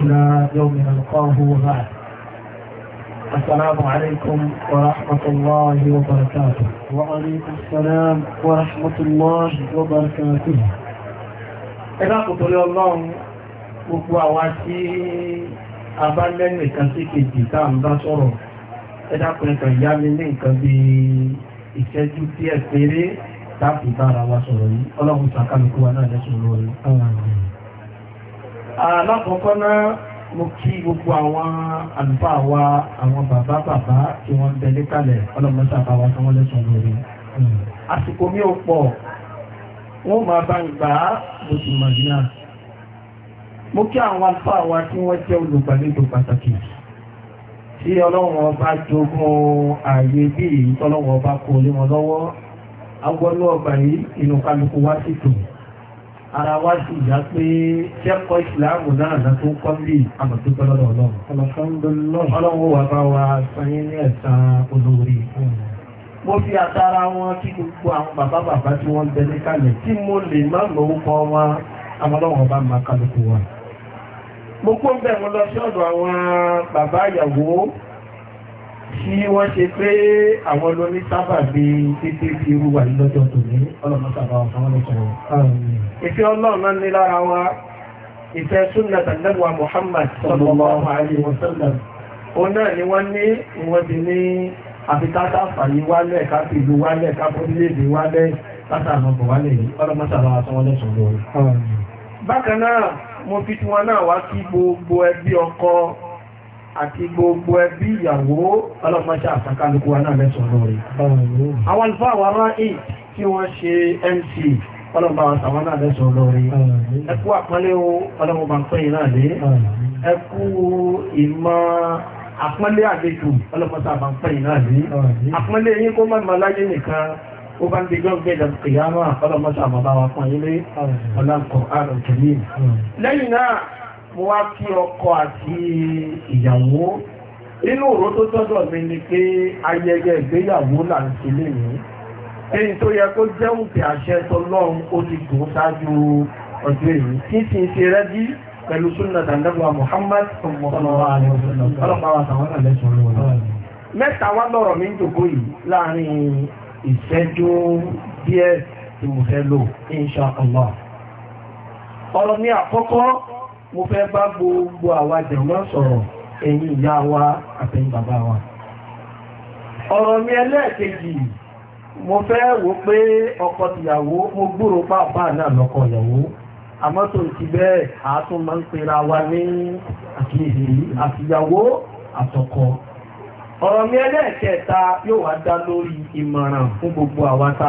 إلى يوم نلقاه وبعد السلام عليكم ورحمة الله وبركاته وعليكم السلام ورحمة الله وبركاته ẹgbà kò torí ọlọ́run gbogbo àwa tí a bá lẹ́nu ìkan sí kejì tá à ń bá sọ̀rọ̀ ẹ̀dàkùnrin kan yá mi ní nǹkan bí ìṣẹ́jú díẹ̀ péré láti bára wa sọ̀rọ̀ yìí ọlọ́run sàkálùkù wa náà lẹ́sùn lórí alákọ̀ọ́kọ́ náà mo kí gbogbo àwọn àlùfáà wa àwọn bàbá bàbá tí wọ́n ń bẹ níkàlẹ̀ ọlọ́mọṣà bá wa tí wọ́n lẹ́sùn lórí àsìkò mi ò pọ̀ wọ́n máa bá ń gbà á bó ti màgínà mo kí àwọn àlùfáà wa tí wọ́n jẹ́ olùgbàlejò pàtàkì tí ọlọ́run ọba jogún ààyè bí ìtọ́lọ́run ọba kò lé wọn lọ́wọ́ agbọ́nú ọgbà yìí inú kálukú wá sí tòun ara wá sí ìyá pé kẹ́kọ̀ọ́ ìsìláàmù náà náà tó kọ́ bí àmọ̀túpẹ́ lọ́dọ̀ ọlọ́run. alhamdulilayi ọlọ́run wà bá wa sanyé ní ẹ̀sán olóore. mo fi àtàrà wọn kí gbogbo àwọn bàbá bàbá tí wọ́n bẹ níkàlẹ̀ tí mo lè má lórúkọ wọn amọ́lọ́wọ́n bá máa kálukú wa. mo kó bẹ́ẹ̀ lọ sí ọ̀dọ̀ àwọn bàbá ìyàwó tí wọ́n ṣe pé àwọn lóní sábà bí títí fi irú wà lọ́jọ́ tó ní ọlọ́mọ sábà àwọn ọlọ́sọ̀rọ̀. ìfẹ́ ọlọ́run ní lára wa ìfẹ́ súnà tàlẹ́wà Muhammad sallallahu alaihi wasallam òun náà ni wọ́n ní ìwọ́n ti ní àfikátà fàyí wálẹ̀ káfí ìlú wálẹ̀ káfí orílẹ̀-èdè wálẹ̀ látàánà bọ̀ wálẹ̀ yìí ọlọ́mọ sábà àwọn ọlọ́sọ̀rọ̀. bákan náà mo àti gbogbo ẹbí ìyàwó ọlọ́pàá àtàkálùkù wa náà mẹ́sàn-án rẹ̀. àwọn alfáà wà máa ì tí wọ́n ṣe mc ọlọ́pàá àtàwọn náà mẹ́sàn-án rẹ̀. ẹkú àpọ́nlé ọlọ́pàá pẹ́yìn náà lé ẹkú ìmọ̀ àpọ́nlé àdéjù ọlọ́pàá pẹ́yìn náà lé àpọ́nlé yín kó mọ́ láyé nìkan ó bá ń di gbọ́gbẹ́ ìdàkìyàmọ́ àkọ́lọ́mọ́sà àmàbáwá pọ̀ ilé ọlọ́pàá àrùn kìíní lẹ́yìn náà mo wá kí ọkọ àti ìyàwó nínú òró tó tọ́jọ́ mi ni pé ayẹyẹ ìgbéyàwó là ń ṣe léyìn èyí tó yẹ kó jẹ́ òkè àṣẹ tọlọ́run ó ti gùn ṣáájú ọjọ́ èyí kí sì ṣe rẹ́jí pẹ̀lú súnà tàǹdàbà Muhammad ọlọ́pàá wa tàwọn náà lẹ́sùn lọ́wọ́ mẹ́ta wá lọ́rọ̀ mi ń jòkó yìí láàrin ìṣẹ́jú díẹ̀ tí mo fẹ́ lò insha ọ̀rọ̀ mi àkọ́kọ́ mo fẹ́ bá gbogbo àwa jẹ̀mọ́ sọ̀rọ̀ ẹ̀yin ìyá wa àtẹ̀yin bàbá wa ọ̀rọ̀ mi ẹlẹ́ẹ̀kejì mo fẹ́ wò pé ọkọ tìyàwó mo gbúrò pàápàá náà lọ́kọ̀ ìyàwó àmọ́tò ti àátún máa ń ní àkíyèsí àtìyàwó àtọkọ ọ̀rọ̀ mi ẹlẹ́ẹ̀kẹta yóò wá dá lórí fún gbogbo tá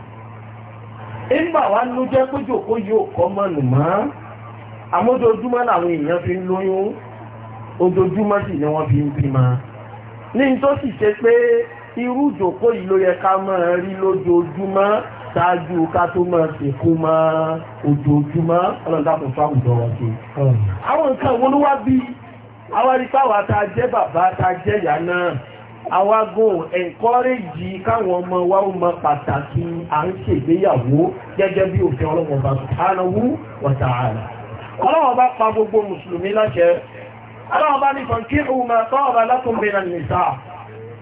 nígbà wá ló jẹ́ péjò kó yóò kọ́ mọ́nù mọ́ àmójoojúmọ́ làwọn èèyàn fi ń lóyún ojoojúmọ́ sì ni wọ́n fi ń bímọ ní tó sì ṣe pé irú ìjòkó yìí ló yẹ ká máa rí lójoojúmọ́ ṣáájú ká tó máa ṣèkú mọ́ ojoojúmọ́ ọlọ́dà kò wọn ṣe. àwọn nǹkan wo ló wá bí àwọn arípáwá tá bàbá tá ìyá náà àwágùn ẹ̀ńkọ́rẹ́jì káwọn ọmọ wa ó mọ pàtàkì à ń ṣègbéyàwó gẹ́gẹ́ bí òfin ọlọ́wọ́n bá subhanahu wa ta'ala ọlọ́wọ́n bá pa gbogbo mùsùlùmí láṣẹ ọlọ́wọ́n bá ní fọ̀nkí ọmọ tọ́ọ̀bà látọ̀mìnà nìta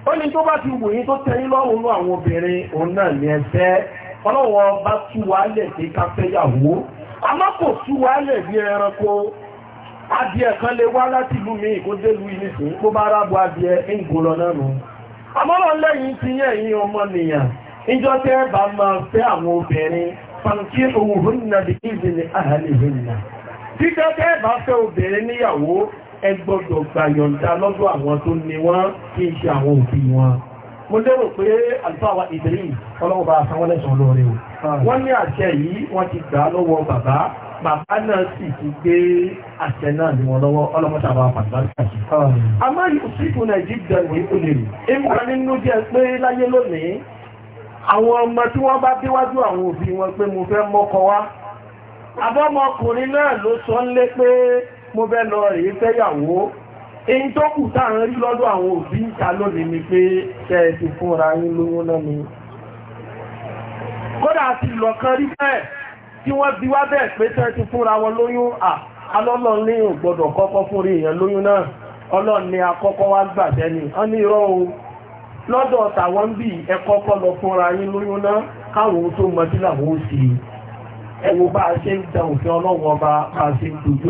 ó ní tó bá ti wù yí tó tẹ́yìn lọ́rùn àwọn obìnrin òun náà ní ẹ̀fẹ́ ọlọ́wọ́n bá tú wálẹ̀ sí káfẹ́yàwó àmọ́ kò tú wálẹ̀ bí ẹranko adìẹ kan lè wá láti ìlú mi ìkódélú ìnísìn kó bá rábọ adìẹ ìgò lọ náà nù àmọ́ràn lẹ́yìn ti yẹ́ ẹ̀yin ọmọnìyàn ìjọ tẹ́ bá máa fẹ́ àwọn obìnrin fàǹkì òhun náà di ìzìnlẹ̀ àhàlì ìhìnà títọ́ tẹ́ bá fẹ́ obìnrin níyàwó ẹ gbọ́dọ̀ gbàyọ̀ǹda lọ́dọ̀ àwọn tó ní wọ́n kí í ṣe àwọn òbí wọn mo lérò pé àlùfáà wa ìdírí ọlọ́wọ́ bá sanwó lẹ́sàn-án lóore o Ah. wọ́n ní àṣẹ yìí wọ́n ti gbà lọ́wọ́ bàbá bàbá náà sì ti gbé àṣẹ náà ní wọn lọ́wọ́ ọlọ́mọṣà wa pàtàkì. Ah. àmọ́ ìkùsìkù nàìjíríà ní olè rè é ń kan nínú jẹ́ pé láyé lónìí àwọn ọmọ tí wọ́n bá déwájú àwọn òbí wọn pé mo fẹ́ mọ́kọ wá abọ́mọkùnrin náà ló sọ ń lé pé mo fẹ́ lọ rèé fẹ́yàwó èyí tó kù táà ń rí lọ́dọ̀ àwọn òbí ìta lónìí ni pé ṣe é ti fúnra yín lówó náà ni kódà àti ìlọ̀kan rí tí wọ́n bí wá bẹ́ẹ̀ pé tẹ́ fúnra wọn lóyún à ní ò kọ́kọ́ fún èèyàn lóyún náà ọlọ́run akọ́kọ́ wá gbà ni wọ́n o lọ́dọ̀ tàwọn lọ fúnra yín lóyún náà káwọn tó làwọn ó ẹ bá a ṣe da òfin bá a ṣe ń dojú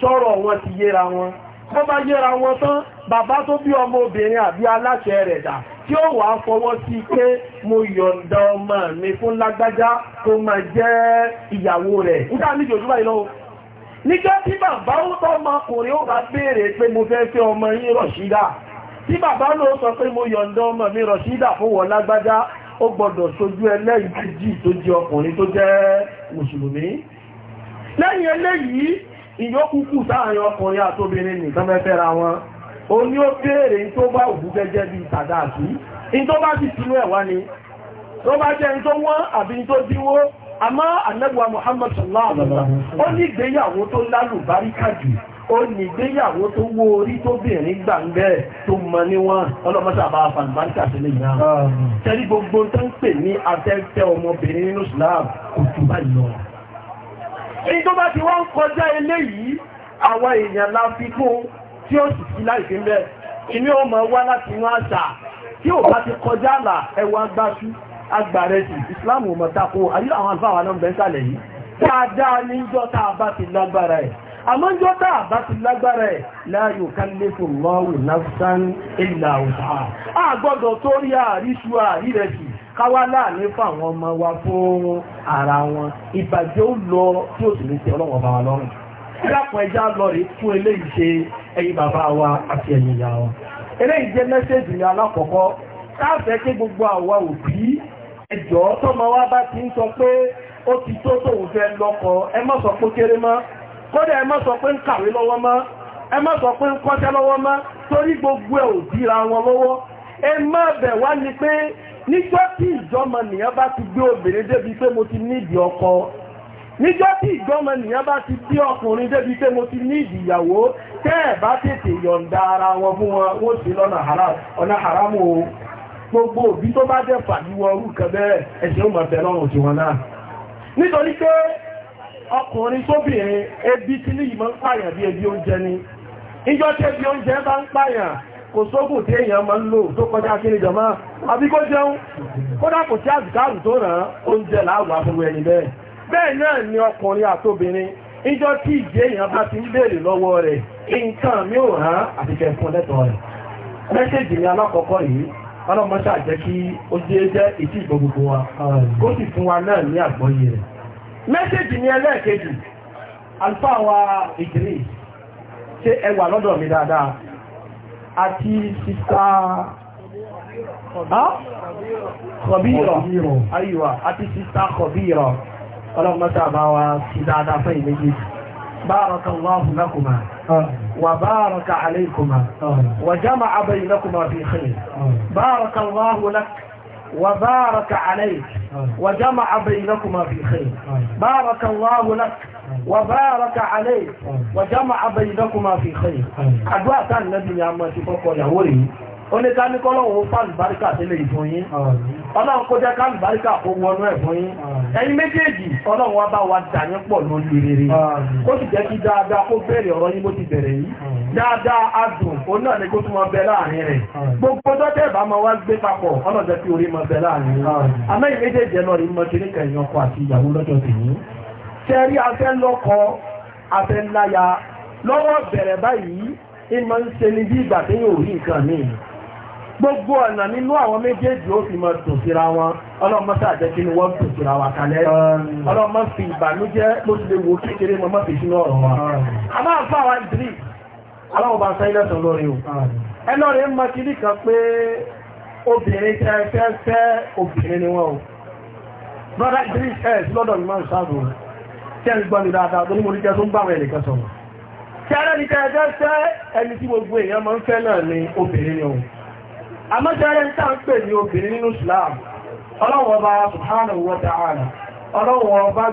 sọ́rọ̀ wọn ti yẹra wọn wọ́n bá yẹra wọn tán bàbá tó bí ọmọ obìnrin àbí aláṣẹ rẹ̀ dà tí ó wà fọwọ́ sí pé mo yọ̀ǹda ọmọ mi fún lágbájá tó máa jẹ́ ìyàwó rẹ̀ nígbà ní jòjú báyìí lọ́wọ́ nígbà tí bàbá ó tọ́ ọmọkùnrin ó bá béèrè pé mo fẹ́ fẹ́ ọmọ yín tó jẹ́ ọkùnrin tó jẹ́ mùsùlùmí lẹ́yìn eléyìí ìyókùnkù sáàrin ọkùnrin àtóbìnrin nìkan mẹ́fẹ́ra wọn o ní ó béèrè tó bá òbú gẹ́gẹ́ bí tàdáàkì in tó bá sì sínú ẹ̀wá ni tó bá jẹ́ in tó wọ́n àbí in tó dínwó àmọ́ ànẹ́gbà Muhammad sallallahu alaihi wasallam ó ní ìgbéyàwó tó lálùbáríkà jù ó ní ìgbéyàwó tó wó orí tó bèèrè gbàǹgbẹ́ tó mọ níwọ̀n ọlọ́mọ́sàbá fanbáríkà sí lè yàn tẹ́lí gbogbo tó ń pè ní tó bá ti wọ́n kọjá eléyìí àwọn èèyàn láfikún tí ó sì sí láìsí mẹ́ inú ó mọ̀ wá láti inú àṣà tí ò bá ti kọjá àlà ẹwà gbáṣú agbàrẹ́sì ìsìláàmù mọ̀tàkó àyí àwọn àlfàwà náà bẹ́ sàlẹ̀ yìí dáadáa ní jọta ti lágbára ẹ̀ àmọ́ jọta bá ti lágbára ẹ̀ la yukallifu Allahu nafsan illa wus'aha àgbọ́dọ̀ káwá láàrin fún ọmọ wa fún ara wọn ìbàjẹ́ ó lọ tí ó sì lè tẹ ọlọ́wọ́ bá wa lọ́rùn ìdápọ̀ ẹja lọ rí fún eléyìí ṣe ẹ̀yin bàbá wa àti ẹ̀yin ìyá wa eléyìí jẹ́ mẹ́sẹ̀jì ní alákọ̀ọ́kọ́ káàfẹ́ kí gbogbo àwa òbí ẹjọ́ tọ́mọ wa bá ti ń sọ pé ó ti tó tóun fẹ́ lọ́kọ ẹ má sọ pé kéré mọ́ kódà ẹ má sọ pé ń kàwé lọ́wọ́ mọ́ ẹ má sọ pé ń kọ́ṣẹ́ lọ́wọ́ mọ́ torí gbogbo ẹ̀ ò dira wọn lọ́wọ́ ẹ má bẹ̀ wá ni pé níjọ́ tí ìjọmọ nìyẹn bá ti gbé obìnrin débi pé mo ti ọkọ níjọ́ tí ìjọmọ nìyẹn bá ti gbé ọkùnrin débi pé mo ti nídìí ìyàwó tẹ́ ẹ̀ bá tètè yọ̀ǹda ara wọn fún wọn wọ́n sì lọ́nà ọ̀nà haramu o gbogbo òbí tó bá jẹ́ kan bẹ́ẹ̀ ẹ̀ṣẹ̀ ó máa tẹ̀lọ́rùn wọn náà nítorí pé ọkùnrin ebi tí ní ìmọ̀ ń pààyàn bí ebi oúnjẹ ni ìjọ́ ebi oúnjẹ bá ń pààyàn kò sóògùn tí èyàn ma ń lò tó kọjá kí ní jọmọ́ àbí kó jẹun kódà kò àzìkáàrù tó ràn oúnjẹ láàrùn àbúrú ẹni bẹ́ẹ̀ bẹ́ẹ̀ náà ni ọkùnrin àtobìnrin níjọ́ tí ìjẹ́ bá ti ń bèèrè lọ́wọ́ rẹ̀ nǹkan mi ò hàn àti kẹfún rẹ̀ mẹ́sẹ̀jì ni alákọ̀ọ́kọ́ yìí ọlọ́mọṣà jẹ́ kí ó jẹ́ jẹ́ ìtì wa kó sì fún wa náà ní àgbọ́yé rẹ̀ mẹ́sẹ̀jì ni ẹlẹ́ẹ̀kejì Alfa wa ṣe ẹwà lọ́dọ̀ mi dáadáa àti sista kọ̀bírọ̀ ayíwá àti sista kọ̀bírọ̀ ọlọ́gbọ́ta bá wa sí dáadáa fẹ́ ìlẹ́gbẹ́ بارك الله لكما وبارك عليكما وجمع بينكما في خير بارك الله لك وبارك عليك وجمع بينكما في خير بارك الله لك وبارك عليه وجمع بينكما في خير àdúà tán Nábì ní a máa ti kọ́kọ́ ìyàwó rẹ̀ oníkaní kọ́lọ̀wọ́ fàlùbáríkà sílẹ̀ ìfún yín ọlọ́run kó jẹ́ kálùbáríkà kó wọnú ẹ̀ fún yín ẹ̀yin méjèèjì ọlọ́run wá bá wa dà yín pọ̀ lórí rere kó sì jẹ́ kí dáadáa kó bẹ̀rẹ̀ ọ̀rọ̀ yín bó ti bẹ̀rẹ̀ yìí dáadáa adùn òun tẹ́rí afẹ́ lọ́kọ afẹ́ láya lọ́wọ́ bẹ̀rẹ̀ báyìí ní ma ń ṣe ní bí ìgbà tí yóò rí nǹkan ní gbogbo ọ̀nà nínú àwọn méjèèjì ó fi máa dùn wọn ọlọ́mọ sàjẹ́ kí ni wọ́n kalẹ̀ ọlọ́mọ fi ìbànújẹ́ ló ti lè wo kékeré wa a máa ìdírí aláwọ̀ bá sáyé lórí o ń kí pé obìnrin fẹ́ obìnrin ni o brother Idris ẹ̀ lọ́dọ̀ máa ń sáàbò tẹ́ ń gbọ́ mi dáadáa tó ní mo ní jẹ́ tó ń báwọn ẹnìkan sọ̀rọ̀ tí ara ní tẹ́ ẹjẹ́ tẹ́ ẹni tí gbogbo èèyàn máa ń fẹ́ náà ni obìnrin ni òun àmọ́ ń tà pè ní obìnrin nínú Islam ọlọ́wọ́ bá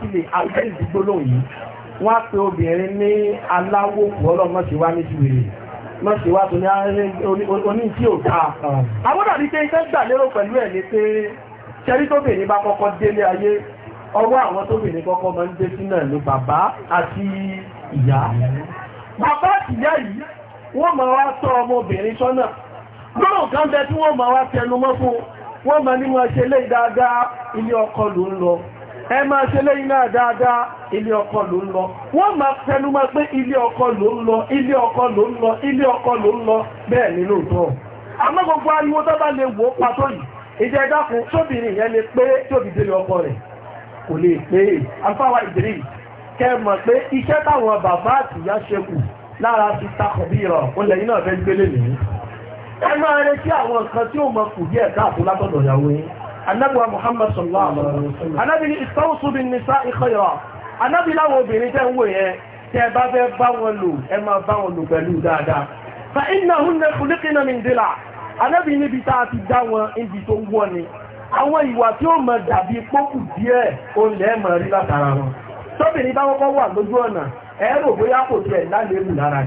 ti lè wọ́n á pe obìnrin ní aláwò pọ̀lọ́ mọ́síwá ní ṣùgbèrè mọ́síwá tó ní oní tí ò ká àwọ́dà ní pé iṣẹ́ gbà lérò pẹ̀lú ẹ̀ ní pé ṣẹ́rí tóbìnrin bá kọ́kọ́ délé ayé ọwọ́ àwọn tóbìnrin kọ́kọ́ máa ń dé sínú ẹ̀lú bàbá àti ìyá bàbá àti ìyá yìí wọ́n máa wá tọ́ ọmọbìnrin ẹ máa ṣe lẹ́yìn náà dáadáa ilé ọkọ ló ń lọ wọ́n máa tẹnu máa pé ilé ọkọ ló ń lọ ilé ọkọ ló ń ilé ọkọ ló ń lọ bẹ́ẹ̀ àmọ́ gbogbo ariwo tó bá lè wò ó pàtó yìí ìjẹ́ ọkọ rẹ̀ kò lè pé afáwa ìdírí mọ̀ pé iṣẹ́ táwọn bàbá àtìyá ṣe kù lára ti takọ̀ bí ìrọ̀ ó lẹ́yìn náà fẹ́ gbélé nìyí ẹ máa retí àwọn nǹkan tí mọ kù anábìwá muhammad sallallahu alaihi wa sallam anábì ní istawsu bin nisa'i khayra anábì láwọn obìnrin tẹ́ ń wò yẹn tẹ́ bá fẹ́ bá wọn lò ẹ máa bá wọn lò pẹ̀lú dáadáa fa innahunna khuliqna min dila' anábì níbi tá a ti dá wọn níbi tó wọ́ ni àwọn ìwà tí ó mọ dàbí pókù díẹ̀ ó lẹ́ mọ̀ rí látara wọn tóbìnrin bá kọ́kọ́ wà lójú ọ̀nà ẹ̀rọ bóyá kò tiẹ̀ lálẹ́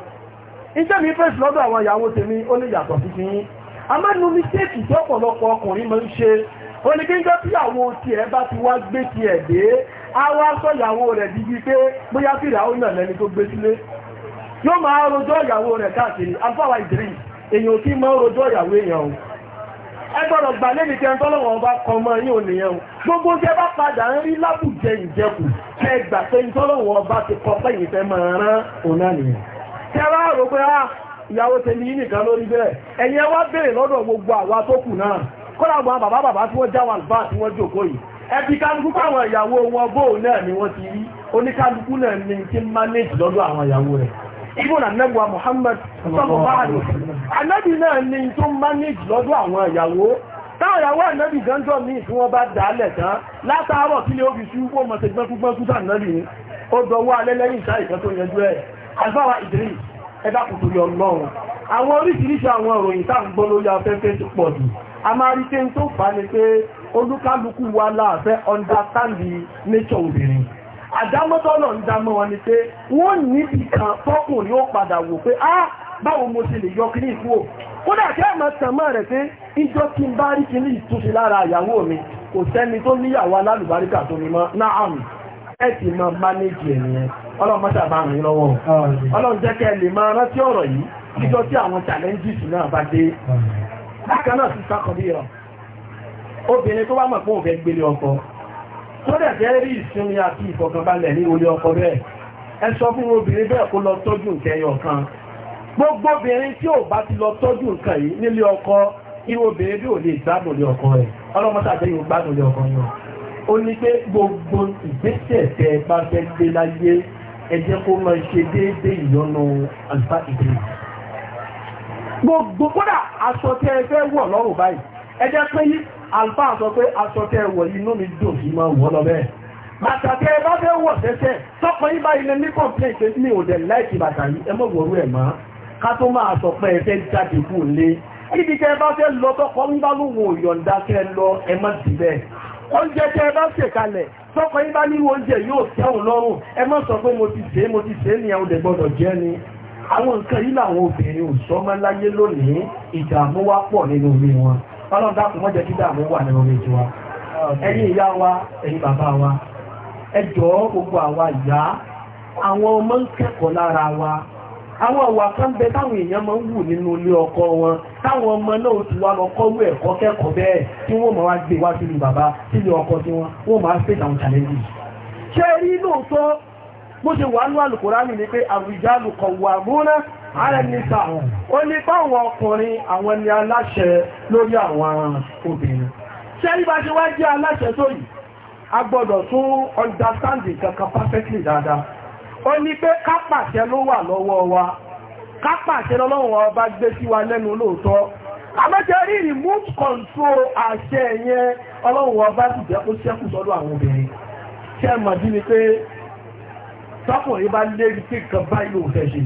iṣẹ́ mi fẹ́ lọ́dọ̀ àwọn ìyàwó tèmi ó lè yàtọ̀ sí fi yín a máa nu mistake tí ọ̀pọ̀lọpọ̀ ọkùnrin máa ń ṣe ó ní gbígbọ́ tí àwọn tiẹ̀ bá ti wá gbé tiẹ̀ dé á wá sọ ìyàwó rẹ̀ dídí pé bóyá fìrà ó nà lẹ́ni tó gbé sílé yóò máa rojọ́ ìyàwó rẹ̀ káàkiri afáwa ìdírí èyàn kí máa rojọ́ ìyàwó èèyàn o ẹ gbọ́dọ̀ lẹ́ni tẹ́ ń tọ́lọ́wọ́n bá kọ mọ́ yín ò nìyẹn o gbogbo tẹ́ bá padà ń rí lábùjẹ ìjẹkù ẹ gbà ń tọ́lọ́wọ́n bá ti kọ pé ìfẹ́ máa rán òun náà nìyẹn tẹ́wà rò pé á ah, ìyàwó tèmi yìí nìkan lórí bẹ́ẹ̀ ẹ̀yin wá béèrè lọ́dọ̀ gbogbo àwà tó kù náà kọ́lá àwọn bàbá bàbá tí wọ́n já wà tí wọ́n jòkó yìí ẹbí kálukú káwọn ìyàwó wọn bóò náà ni wọ́n ti rí náà ni ti manage lọ́dọ̀ àwọn ìyàwó rẹ̀ ìyàwó gánjọ́ ní bá tán látàárọ̀ kí ó fi mọ̀ sí gbẹ́kúgbẹ́kú náà ní ó dọwọ́ alẹ́lẹ́yìn àgbára ìdírí ẹ̀dá kò torí àwọn oríṣiríṣi àwọn ìròyìn tá ń lórí afẹ́fẹ́ ti pọ̀ jù a máa rí pé ń tó fà ní pé olúkálukú wa láàfẹ́ understand obìnrin wọn ni pé wọ́n níbi kan tọ́kùnrin padà wò báwo mo lè yọ kí ní rẹ̀ pé ìjọ kí n bá rí kí ní ìtúnṣe lára mi kò sẹ́ni tó ọlọ́run mọ́ta bá rìn lọ́wọ́ ọlọ́run jẹ́ kẹ́ lè máa rántí ọ̀rọ̀ yìí níjọ́ tí àwọn challenges náà bá dé bákan náà sísá kan bí rọ obìnrin tó bá mọ̀ pé òun fẹ́ gbélé ọkọ tó dẹ̀ fẹ́ rí ìsinmi àti ìfọ̀kànbalẹ̀ ní orí ọkọ bẹ́ẹ̀ ẹ sọ fún obìnrin bẹ́ẹ̀ kó lọ tọ́jú nǹkan ẹyọ kan gbogbo obìnrin tí ò bá ti lọ tọ́jú nǹkan yìí nílé ọkọ irú obìnrin bí ò lè gbádùn lé ọkọ rẹ̀ ọlọ́mọ́sàgbé yóò gbádùn lé ọkọ yẹn ó ní pé gbogbo ìgbésẹ̀ tẹ́ bá fẹ́ gbé láyé ẹ jẹ́ kó máa ṣe déédéé ìyọnu àlùfá ìdè gbogbo kódà aṣọ tí ẹ fẹ́ wọ̀ lọ́rùn báyìí ẹ jẹ́ pé ní àlùfá sọ pé aṣọ tí ẹ wọ̀ inú mi dùn sí máa wọ̀ lọ bẹ́ẹ̀ bàtà tí ẹ bá fẹ́ wọ̀ sẹ́sẹ́ tọkọ yín báyìí lẹ ní mi ò dẹ̀ láìsí bàtà yìí ẹ mọ̀ wọ̀rú ẹ̀ mọ́ ká tó máa sọ pé ẹ fẹ́ jáde kú lé ibi tẹ́ bá fẹ́ lọ tọkọ ń bá lóhun òyọ̀ǹda kẹ́ lọ ẹ má dì bẹ́ẹ̀ oúnjẹ tẹ́ ẹ bá ṣe kalẹ̀ tọ́kọ yín bá níwò oúnjẹ yóò tẹ́hùn lọ́rùn ẹ má sọ pé mo ti ṣe mo ti ṣe ni àwọn nǹkan yìí làwọn obìnrin ò sọ́mọ́ láyé lónìí ìdààmú wá pọ̀ nínú orí wọn ọlọ́run dákun mọ́ wa wa ẹ gbogbo wa àwọn ọ̀wà kan bẹ táwọn èèyàn máa ń wù nínú ilé ọkọ wọn táwọn ọmọ náà ti wá lọ kọ́rú ẹ̀kọ́ kẹ́kọ̀ọ́ bẹ́ẹ̀ tí wọ́n máa wá gbé wá sínú bàbá sínú ọkọ tí wọ́n wọ́n máa face àwọn challenges. ṣé rí lóòótọ́ bó ṣe wà ní Al-Kùránì ni pé àrùjálù qawwamuna 'ala an-nisa' ó ní báwọn ọkùnrin àwọn ni aláṣẹ lórí àwọn obìnrin ṣé rí bá ṣe wá jẹ́ aláṣẹ tó a gbọ́dọ̀ tún understanding kankan perfectly dáadáa ó ní pé kápàṣẹ ló wà lọ́wọ́ wa kápàṣẹ lọ́wọ́ ọba gbé sí wa lẹ́nu lóòótọ́ àmọ́jẹ́ rí remote control àṣẹ yẹn ọlọ́run ọba sì jẹ́ kó ṣẹ́kù sọ́dọ̀ àwọn obìnrin ṣe é mọ̀ ní pé tọkùnrin bá lérí pé nǹkan báyìí ló fẹ́ ṣe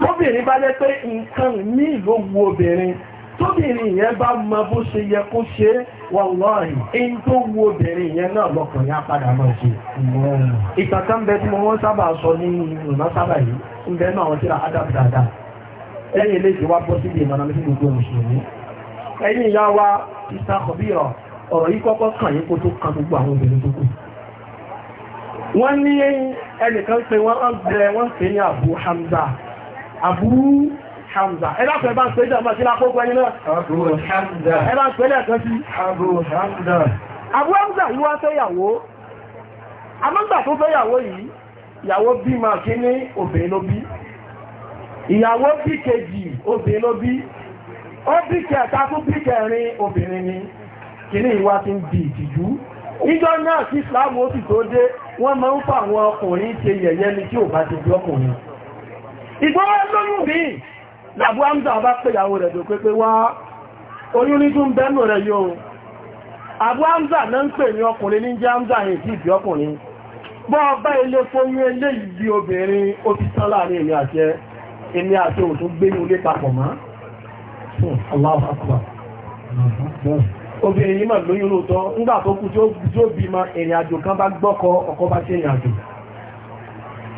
tóbìnrin bá lẹ́ pé nǹkan míì ló wu obìnrin tóbìnrin yẹn bá mọ bó ṣe yẹ kó ṣe wàláhì in tó wo obìnrin yẹn náà lọ́kàn yá padà máa ṣe ìtàkàn bẹ tí mo sábà sọ ní ìrùnà sábà yìí ń bẹ náà wọ́n ti ra adam dáadáa lẹ́yìn eléyìí wá gbogbo mùsùlùmí ìyá wa ọ̀rọ̀ yìí kọ́kọ́ kàn yín kó Hamza ẹ̀dá pẹ̀lú bá ń pẹ̀lú ọmọ sí lápò pẹ̀lú náà Abu Hamza ẹ̀dá pẹ̀lú ẹ̀kan sí Abu Hamza Abu Hamza yìí wá fẹ́yàwó amọ́gbà tó fẹ́yàwó yìí ìyàwó bí máa kí ní obìnrin ló bí ìyàwó bí kejì obìnrin ló bí ó bí kẹta ni kí ní ìwá ti ń di ìtìjú ìjọ náà sí Islam ó sì tó dé wọ́n máa ń fa àwọn ọkùnrin ṣe yẹ̀yẹ́ ni tí ò bá ti di ọkùnrin ìgbọ́wọ́ lóyún bíi làbú Hamza bá pèyàwó rẹ̀ dò pépé wá oyún ní tún bẹ́nu rẹ̀ yóò àbú Hamza náà ń pè ní ọkùnrin ní jẹ́ Hamza yìí sí ìbí ọkùnrin bọ́ ọba ilé fóyún ilé ìbí obìnrin ó ti tán láàrin èmi àti èmi àti òtún gbé ní ilé ma ọkọ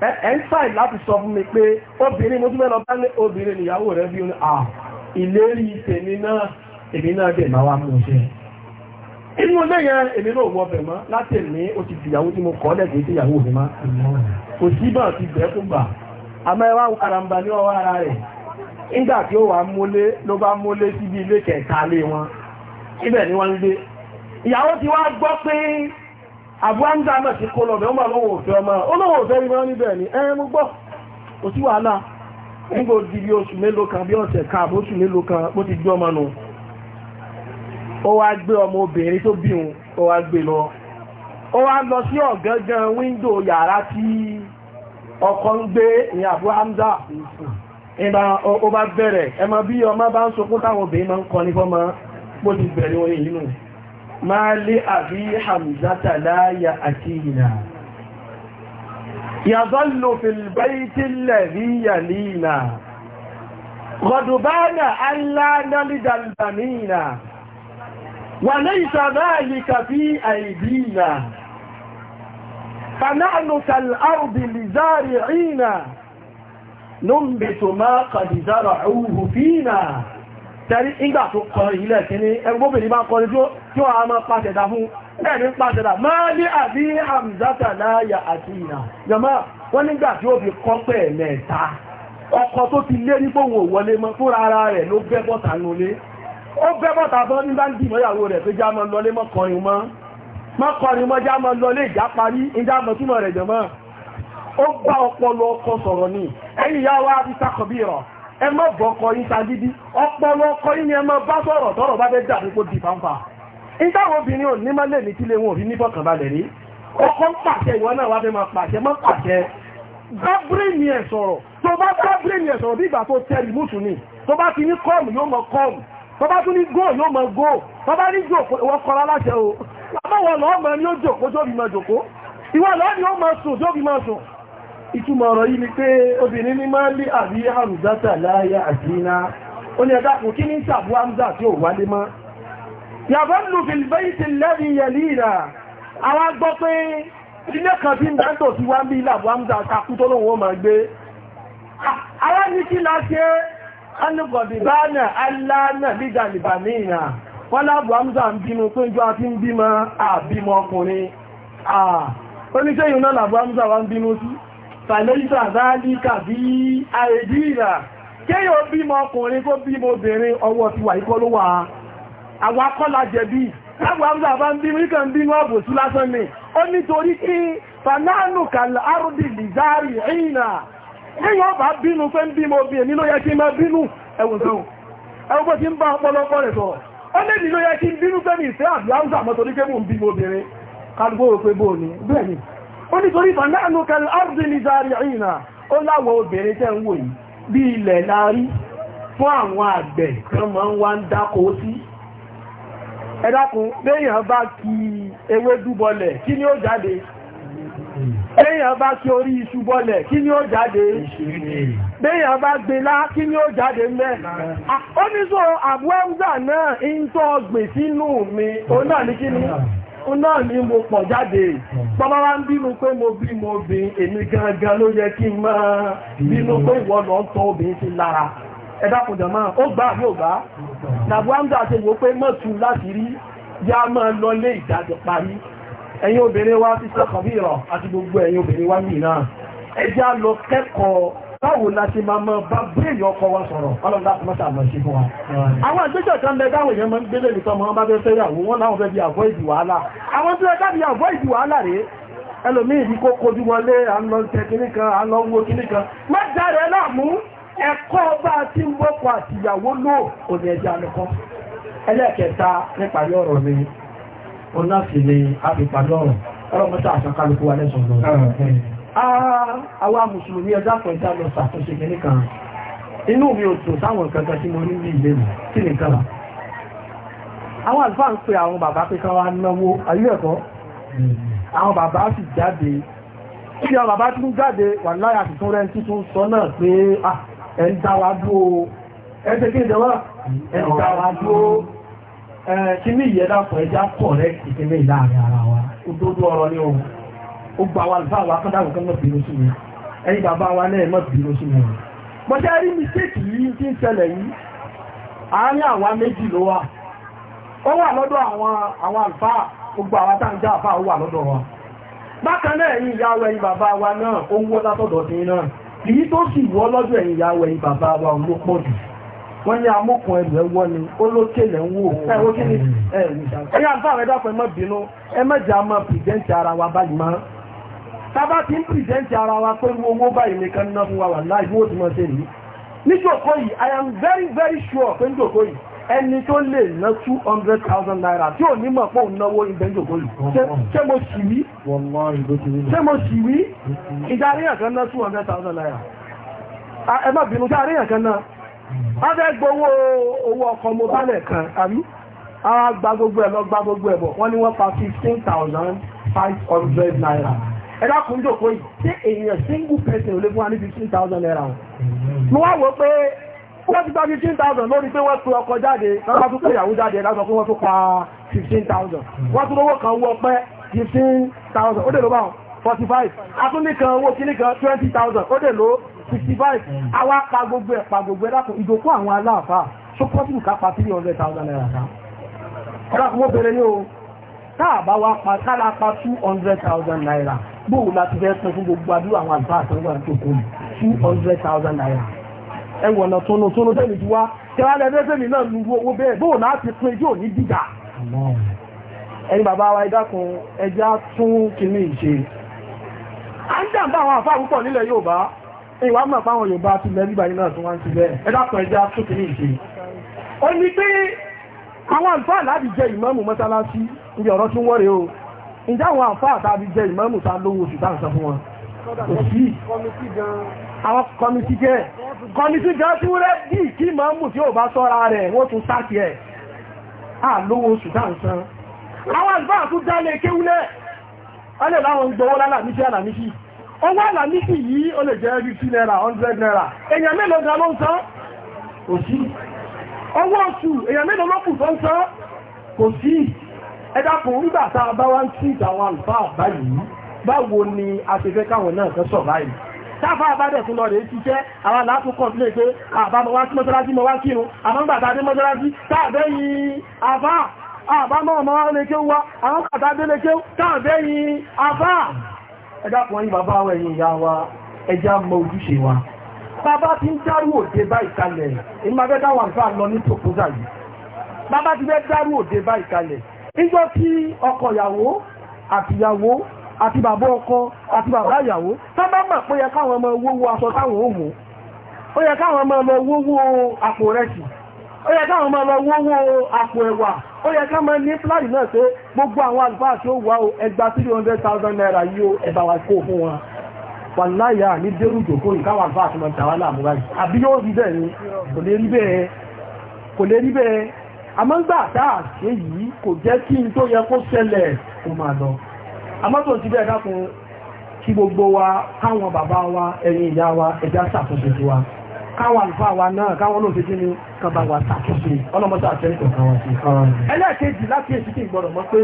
ẹ̀ńsáì láti sọ fún mi pé obìnrin mo tún mẹ́lọ bá ní obìnrin ìyàwó rẹ̀ bí à ìlérí tèmi náà èmi náà dẹ̀ máa wá yẹn èmi náà ọbẹ̀ mọ́ láti ní o ti tí mo kọ́ lẹ́gbẹ̀ẹ́ tí ìyàwó mi máa kò sí bá ti bẹ́ẹ̀ fún gbà ara rẹ̀ nígbà tí ó wà ló bá síbi ilé kẹta lé wọn ni wọ́n ń gbé ti wá gbọ́ pé àbúráńdà náà ti kó lọ́bẹ̀ ọmọ olówó òfẹ́ ọmọ olówó òfẹ́ rí mọ́ níbẹ̀ ni ẹ mú gbọ́ kò sí wàhálà nígbò di bí oṣù mélòó kan bí ọ̀sẹ̀ ká àbó oṣù mélòó kan bó ti gbé ọmọ nù ó wá gbé ọmọ obìnrin tó bí òun ó wá gbé lọ ó wá lọ sí ọ̀gángan wíńdò yàrá tí ọkọ ń gbé ní àbúráńdà ìgbà ó bá bẹ̀rẹ̀ ẹ bí ọmọ bá ń sọkún táwọn obìnrin máa ń kọ ní fọ́mọ bó ti bẹ̀rẹ̀ orin yìí nù ما لأبي حمزة لا يأتينا يظل في البيت الذي يلينا غضبان أن لا نلد البنين وليس ذلك في أيدينا فنحن كالأرض لزارعينا ننبت ما قد زرعوه فينا tẹ́rí ìgbà tó kọ ilẹ̀ kìíní ẹgbóbìnrin bá kọrin tí ó àmà pàṣẹ̀dà fún ẹ̀rin pàṣẹ̀dà máa ní àbí hamzata láyà àti ìnà jọmọ́ wọ́n nígbà tí ó fi kọ́pẹ̀ mẹ́ta ọkọ tó ti lé ní gbóhùn òwọlé mọ́ rẹ̀ ló bẹ́ bọ́ta ó bẹ́ bọ́ta ẹ má bọ́ gidi yín sagídí ọpọlọ ọkọ yín ni ẹ má bá sọ̀rọ̀ tọ́rọ̀ bá fẹ́ jà nípò di fáńfà ìtàwọn obìnrin ò ní má lè ní kílé wọn ò rí nífọ̀kànbalẹ̀ rí ọkọ ń pàṣẹ ìwọ náà wá fẹ́ máa pàṣẹ má pàṣẹ gbábírìnì ẹ̀ sọ̀rọ̀ tó bá gbábírìnì ẹ̀ sọ̀rọ̀ bí ìgbà tó tẹ rìmúùtù ni tó bá ti ní kọ́ọ̀mù yóò mọ kọ́ọ̀mù tó bá tún ní góò yóò mọ góò tó bá ní jòkó ìwọ kọ́ra láṣẹ o bàbá wọn lọ́ọ́ mọ ni ó jòkó tó fi mọ jòkó ìwọ lọ́ọ́ ó mọ sùn tó fi mọ sùn ìtumọ̀ ọ̀rọ̀ yìí ni pé obìnrin ní máa lé àbí àrùdátà láyá àdínà ó ní ẹ̀dá kò kí ní sàbú àmúzà tí ó wálé mọ́ yàbọ́lù fìlìbẹ́ìtì lẹ́rin yẹ̀lì ìrà àwọn gbọ́ pé ilé kan tí ń dántò sí wá ń bí ìlàbú àmúzà takú tó lóun ó máa gbé ara ní kí la ṣe anúgọ̀dìbánà alánà lídàlìbàmí ìrà wọ́n lábù àmúzà oníṣẹ́ ìrìnà làbù wá ń bínú sí fàlẹ́sà záàlíkà bí àìdí ìrà bí bímọ ọkùnrin kó bímọ obìnrin ọwọ́ ti wà ikọ́ ló wà àwọn akọ́lá jẹ̀bi láwọn àmúzà bá ń bímọ ikọ̀ ń ọ̀bọ̀ sí lásán ni ó nítorí kí fanáànù kàlà árùdì lìzárì bá ń kí má bá ó nítorí fanáànù kẹlẹ̀ ọ́rùdì ní zari ìrìnà ó láwọ obìnrin tẹ́ ń wò yìí bí ilẹ̀ lárí fún àwọn àgbẹ̀ kan máa ń wá ń dákó sí ẹ dákun béèyàn bá kí ewé dúbọlẹ̀ kí ni ó jáde béèyàn bá kí orí iṣu bọlẹ̀ kí ni ó jáde béèyàn bá gbélá kí ni ó jáde mẹ́ ah, ó ní sọ àbúẹ́wúzà náà ń tọ́ gbè mi òun náà ní kí ni náà ni mo pọ̀ jáde bọ́bá wá ń bínú pé mo bí mo bí èmi gangan ló yẹ kí n máa bínú pé ìwọ lọ ń tọ́ obìnrin sí lára ẹ dákun ó gbà yóò gbà nàbú pe ṣe wò pé mọ́tù láti rí yá máa lọ lé ìdájọ́ parí ẹ̀yin obìnrin wa ti bí ìrọ̀ àti gbogbo obìnrin mìíràn báwo la ṣe máa mọ bá bíèyàn ọkọ wa sọ̀rọ̀ ọlọ́dà kọ́ mọ́ta àmọ́ ṣe fún wa. àwọn àgbéṣẹ̀ kan bẹ káwọn èèyàn máa ń gbélé nìkan mọ́ wọn bá fẹ́ fẹ́ yàwó wọn láwọn fẹ́ bí àgọ́ ìdì wàhálà àwọn tí wọ́n dábì àgọ́ ìdì wàhálà rèé ẹlòmíì ní kó kojú wọlé à ń lọ tẹ kíní kan à ń lọ wo kíní kan má dára ẹ láàmú ẹ̀kọ́ bá a ti ń wọ́pọ̀ àtìyàwó lò kò ní ẹja nìkan ẹlẹ́ẹ̀kẹta nípa yọ̀rọ̀ mi òun náà sì ni a fi pàdé ọ̀rọ̀ ọlọ́mọta àṣàkálùkù wa lẹ́sọ̀ọ́ lọ́wọ́ àwa mùsùlùmí ẹjá kan ẹjá lọ ṣàtúnṣe kìíní kan inú mi ò tò sáwọn nǹkan kan tí mo ní ní ilé mi kí ni kan àwọn àlùfáà ń pe àwọn bàbá pé káwa náwó ayé ẹ̀kọ́ àwọn bàbá sì jáde tí àwọn bàbá tún jáde wà láyà tuntun rẹ̀ títún sọ náà pé ẹ̀ ń dá wa dúró ẹ̀ṣẹ̀ kí ìjọba ẹ̀ ń dá wa dúró kí ní ìyẹ́dàpọ̀ ẹja kọ̀ rẹ̀ kìí ó gba wa bá wa kọ́ dáhùn kọ́ bínú sí mi ẹ̀yin bàbá wa náà mọ́ bínú sí mi bọ́jẹ́ rí mistake yìí tí ń ṣẹlẹ̀ yìí àárín àwa méjì ló wà ó wà lọ́dọ̀ àwọn àwọn gbogbo àwọn wa bákan náà ẹ̀yin ìyàwó ẹ̀yin bàbá wa náà ó wọ́ látọ̀dọ̀ sí náà èyí tó sì wọ́ lọ́dọ̀ ẹ̀yin ìyàwó ẹ̀yin bàbá wa ló wọ́n ní amókùn ẹ̀lú ẹwọ́ ni ó lókè lẹ̀ ń wò ẹ̀wọ́ kí ni ẹ̀yà àfà rẹ̀ dápẹ́ mọ́ bínú ẹ mẹ́jọ pìdẹ́ǹtì ara wa báyìí máa tábá ti ń pìsẹ́ntì ara wa pé owó báyìí nìkan ná fún wa wà láì bó ti mọ́ sí ní níjòkó yìí i am very very sure pé níjòkó yìí ẹni tó lè ná two hundred thousand naira tí ò ní mọ̀ pé òun náwó ibẹ̀ níjòkó yìí ṣé mo sì wí ṣé mo kan ná two hundred thousand naira ẹ má a fẹ́ gbowó owó ọkọ̀ mo bá lẹ̀ kan àbí àwọn gba gbogbo ẹ̀ lọ gba gbogbo ẹ̀ bọ̀ wọ́n ní wọ́n fifteen thousand five hundred naira ẹ̀dá kún jòkó yìí tí èèyàn single person olè fún wa ní 15,000 naira wọn mo wá wò pé wọ́n ti gba 15,000 lórí pé wọ́n pe ọkọ jáde lọ́wọ́ tó pé ìyàwó jáde ẹ̀dá sọ pé wọ́n tó pa 15,000 wọ́n tún lówó kan wọ́ pẹ́ 15,000 ó dè ló bá wọn 45 atúnìkan owó kíníkan 20,000 ó dè ló 65 àwa pa gbogbo ẹ̀ pa gbogbo ẹ̀dá kún ìjòkó àwọn aláàfáà tó pọ́sìlù ká pa 300,000 naira ká ẹ̀dá kún wọ́n bẹ̀rẹ̀ ní o táà bá wá pa kálá pa 200,000 naira bóòwò láti fẹ́ pín fún gbogbo àdúrà àwọn àgbà àtàwọn àtòkò two hundred thousand naira ẹ wọ̀n náà tónú tónú tẹ́lẹ̀ ti wá tẹ́lá lẹ́dẹ́ tẹ́lẹ̀ náà lu owó bẹ́ẹ̀ bóòwò láti pín yóò ní dìgbà ẹni bàbá wa ẹdákun ẹjá tún kìíní ìṣe à ń jàǹbá àwọn àfáà púpọ̀ nílẹ̀ Yorùbá ìwà mọ̀ fáwọn Yorùbá ti lẹ́ nígbà yìí náà tí wọ́n ti bẹ́ẹ̀ ẹdákun ẹjá tún kìíní ìṣe ó ní pé àwọn àlùfáà láti jẹ ìmáàmù mọ́sálásí ibi ọ̀rọ̀ tún wọ́rẹ̀ o ǹjẹ́ àwọn àǹfààní tàbí jẹ ìmọ̀mù ta lówó oṣù tá à ń sọ fún wọn òsì àwọn kọmitì jẹ́ kọmitì jẹ́ tí wúrẹ́ bí kí ìmọ̀mù tí ò bá sọ́ra rẹ̀ wọ́n tún sáàkì ẹ̀ à lówó oṣù tá à ń san àwọn àlùfáà tún dálé kéwúlẹ̀ ọlẹ́ láwọn gbowó lálàmísí àlàmísí owó àlàmísí yìí ó lè jẹ́ fifty naira hundred naira èèyàn mélòó gan ló ń san òsì owó oṣù èèyàn mélòó ló kù tó ń san kò sí ẹ dákun nígbà tá a bá wá ń tí àwọn àlùfáà báyìí báwo ni a ṣe fẹ́ káwọn náà kan sọ̀ báyìí táfà àbádẹ̀ tún lọ rẹ̀ ti jẹ́ àwọn aláàtún kọ̀tílẹ̀ pé àbámọ̀ wá sí wá kírun mọ́sálásí tàbẹ́yìn wá àwọn bàtà àwọn ẹ̀yìn wa ẹjá mọ ojúṣe wa bàbá ti ń dárú òde bá ìkalẹ̀ èyí máa fẹ́ dáwọn àǹfà lọ ní tòkúzà yìí bàbá ti fẹ́ dárú òde bá ìkalẹ̀ níjọ́ tí ọkọ ìyàwó àtìyàwó àti bàbá ọkọ àti bàbá ìyàwó sábà mọ̀ pé yẹ káwọn ọmọ owó aṣọ táwọn ò mú ó yẹ káwọn ọmọ ọmọ owó àpò rẹsì ó yẹ káwọn ọmọ ọmọ owó àpò ẹ̀wà ó yẹ ká máa ní fúláàdì náà pé gbogbo àwọn àlùfáà tí ó wà ó ẹgbà 300,000 naira yìí ó ẹ̀bà wà kó fún wọn wàláyà ní dérú jòkó ìkáwà àlùfáà tí wọ́n tàwà láàmúwáyì àbí yóò rí bẹ́ẹ̀ ni kò lè rí bẹ́ẹ̀ àmọ́ gbà dáa ṣe yìí kò jẹ́ kí n tó yẹ kó ṣẹlẹ̀ kò máa lọ àmọ́ tó ti bẹ́ẹ̀ dákun kí gbogbo wa káwọn bàbá wa ẹ̀yin ìyá wa ẹ̀já ṣàtúnṣe sí wa káwọn àlùfáà wa náà káwọn ló ṣe kí ni kọba wa ṣàtúnṣe ọlọ́mọṣà àtẹ́rìkọ̀ káwọn sí. ẹlẹ́ẹ̀kejì láti èsì kí n gbọ́dọ̀ mọ̀ pé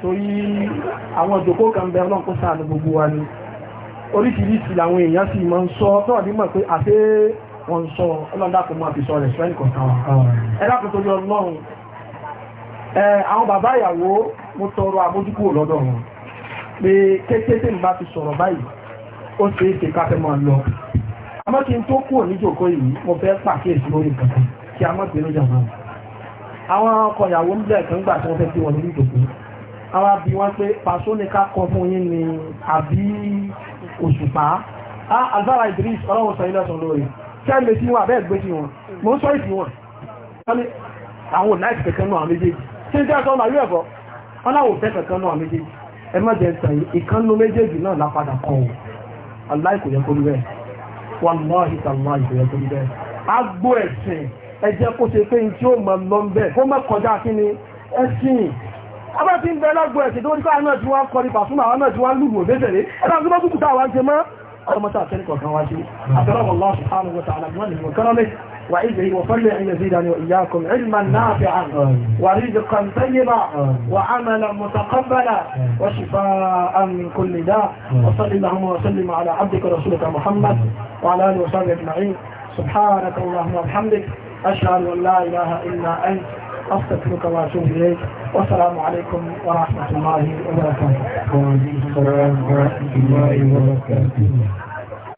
torí àwọn ìjòkó kan bẹ ọlọ́run kó sáà ní gbogbo wa ni oríṣiríṣi làwọn èèyàn sì máa ń sọ tọ́ọ̀dí mọ̀ pé àṣẹ wọ́n sọ ọlọ́dàkùn máa fi sọ rẹ̀ sọ ẹnìkan kan ẹlẹ́kùn tó yọ ọlọ́run àwọn bàbá ìyàwó mo tọrọ àmójúkúrò lọ́dọ̀ wọn pé kékeré mi bá ti sọ̀rọ̀ báyìí ó ṣe é ṣe káfẹ́ máa lọ àmọ́ kí n tó kúrò níjòkó yìí mo fẹ́ pàkíyèsí lórí nǹkan kan kí a má pè lójà náà àwọn ọkọ ìyàwó ń bẹ̀rẹ̀ kan gbà tí wọ́n fẹ́ gbé wọn lórí ìjòkó àwọn àbí wọn pé pàṣọ ní ká kọ fún yín ni àbí òṣùpá àgbára ah, Idris ọlọ́run sọ ilé ọ̀sán lórí tẹ́lẹ̀ sí wọn àbẹ́ẹ̀ gbé sí wọn mo ń sọ ìsìn wọn wọ́n àwọn láìsí kankan náà méjèèjì tí ń jẹ́ ọ̀tọ́ màlúù ẹ̀fọ́ wọ́n láwọn òfẹ́ kankan náà méjèèjì ẹ má jẹ́ ìtàn ìkànnú méjèèjì náà lápadà kọ́ ọ̀ aláìkò yẹ kó rí bẹ́ẹ̀ wọ́n lọ́ ìtàn lọ́ ìkò yẹ kó rí bẹ́ẹ̀ agbó ẹ̀sìn ẹ jẹ́ kó ṣe pé tí ó mọ̀ lọ bẹ́ẹ̀ kó mọ̀ kọjá kí ni ẹ̀sìn abá ti ń bẹ lágbo ẹ̀sìn tó ní káwọn náà ti wá kọrin pàṣúmọ̀ àwọn náà ti wá lùgbò bẹ́sẹ̀ rẹ̀ ẹ ارمتها تلك وكواتي أكرم الله سبحانه وتعالى منه وكرمه وعيده وفرع يزيدني وإياكم علما نافعا ورزقا طيبا وعملا متقبلا وشفاء من كل داء وصل اللهم وسلم على عبدك رسولك محمد وعلى آله وصحبه أجمعين سبحانك اللهم وبحمدك أشهد أن لا إله إلا أنت أستغفرك وأتوب إليك والسلام عليكم ورحمة الله وبركاته. وعليكم السلام ورحمة الله وبركاته.